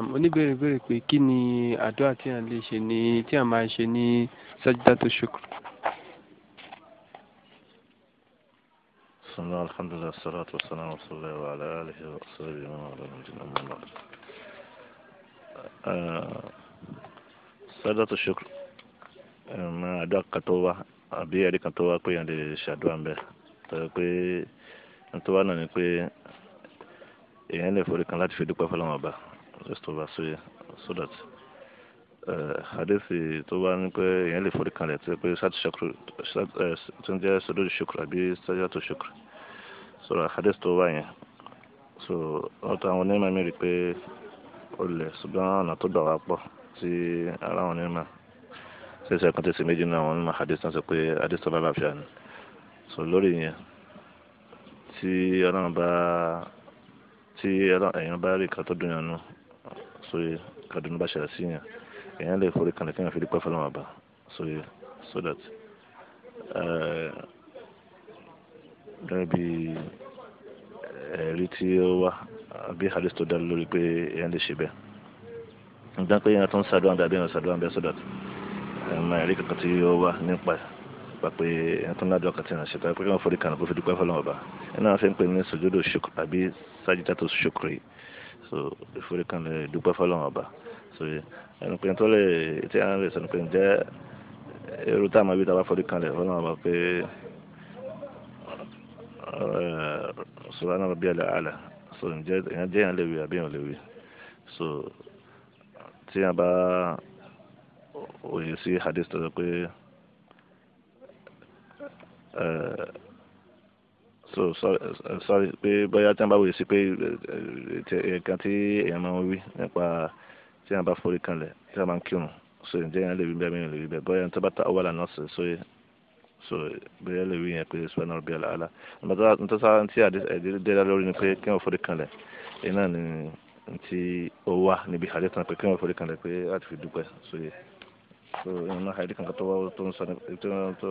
oníbèrè béèrè pé kí ni àdúrà tí a lè ṣe ní tí a máa ṣe ní sajdatu shukr. bisimilahi alhamdulilayi salatu wasalam wa sallallahu wa ala alihi wa sahbihi wa ala jina mọlá. sajdatu shukr àdúrà kan tó wá àbí ẹ̀rí kan tó wá pé yẹn lè ṣàdúrà ń bẹ̀ pé ń tó wá náà ni pé èèyàn lè forí kan láti fi dúpẹ́ fọlọ́wọ́n rest over sóyè so that hadithi uh, tó wá ní pé èèyàn lè forí kanlẹ̀ tí pé ṣáàtì ṣokùrù tó ń jẹ́ sọdọ́dù ṣokùrù àbí ṣáàtì tó ṣokùrù so hadithi tó wá yẹn so ọ̀tọ̀ àwọn onímọ̀ mi rí i pé ó lẹ̀ ṣùgbọ́n ọ̀nà tó dọ̀wà pọ̀ tí ara àwọn onímọ̀ ṣe ṣe kan tẹ̀sí méjì náà àwọn onímọ̀ hadithi náà sọ pé hadithi tó bá láfíà ni so lórí yẹn tí ọlọ́run bá tí èèyàn bá rí nǹkan tó dùn yàn nù sóye kàdúnú bá ṣẹlẹ̀ sí yàn èèyàn lè forí kan lẹ́kẹ́yàn fi dúpẹ́ fọlọ́wọ́n àbá sóye so that eh, gẹ́gẹ́ bí ẹ̀rí tí ó wá àbí hadith tó dá lórí pé èèyàn lè ṣe bẹ́ẹ̀ nǹkan pé èèyàn tó ń ṣàdúrà dàbí èèyàn ṣàdúrà bẹ́ẹ̀ so that ẹ̀ma eh, ẹ̀rí kankan tí ó wá nípa pa pé èèyàn tó ń ládùn ọkàn tí èèyàn ṣe tàbí pé wọ́n forí kan kó fi dúpẹ́ fọlọ́wọ́n àbá ẹ̀ náà ṣe pè ní sojúdò ṣukr àbí sájítà tó so ìforí kan lè dúpẹ́ fọlọ́run ọba so ẹnu pé tó lè tí a lè sọnù pé ǹjẹ́ irú tá a máa bí tá a bá forí kan So fọlọ́run ọba pé eh, subhana rabbiyal a'la so ǹjẹ́ èèyàn jẹ́ èèyàn lè wí àbí èèyàn lè wí so tí a bá òye sí hadith tó sọ pé. Eh, so sorry pé bóyá tí wọ́n bá wòye sí pé nǹkan eh, eh, tí èèyàn máa ń wí nípa tí wọ́n bá forí kanlẹ̀ tí wọ́n máa ń kírun so ǹjẹ́ yẹn lè rí bẹ́ẹ̀ mi lè rí bẹ́ẹ̀ bóyá tó bá ta ọwọ́ lànà sí so so bóyá lè rí yẹn pé sùpẹ́nà rẹ̀ bí àlàálà nítorí sáà tí àdéhùn lórí ni pé kí wọ́n forí kanlẹ̀ èyí náà ni ti ó wà níbi àdéhùn tán pé kí wọ́n forí kanlẹ̀ pé láti fi dúpẹ́ so yẹ so ìrìnà àdéhùn kan tó wá tó ń sọ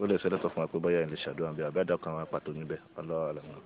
tó lè ṣẹlẹ̀ sọ fún wa pé bóyá ìlú ṣàdúrà ń bẹ àbí àdàkọ àwọn níbẹ̀ ọlọ́ọ̀lẹ́mọ̀.